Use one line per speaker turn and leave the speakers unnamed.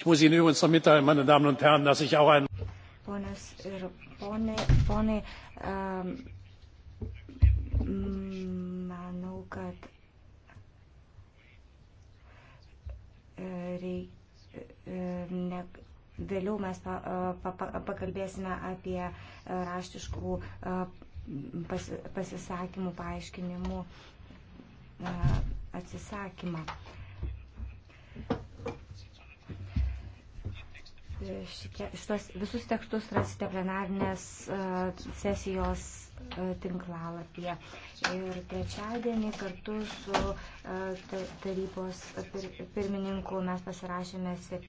Ich muss Ihnen übrigens noch mitteilen, meine Damen und Herren, dass ich auch ein.
Ponas ir ponai, ponai um, ähm, manau, kad e, reik, e, ne, vėliau mes pa, e, pa, pa, pakalbėsime apie raštiškų pas, pasisakymų, paaiškinimų atsisakymą. šitos visus tekstus rasite plenarnės e, sesijos e, tinklalapyje. Ir trečiadienį kartu su e, tarybos
pirmininku mes pasirašėme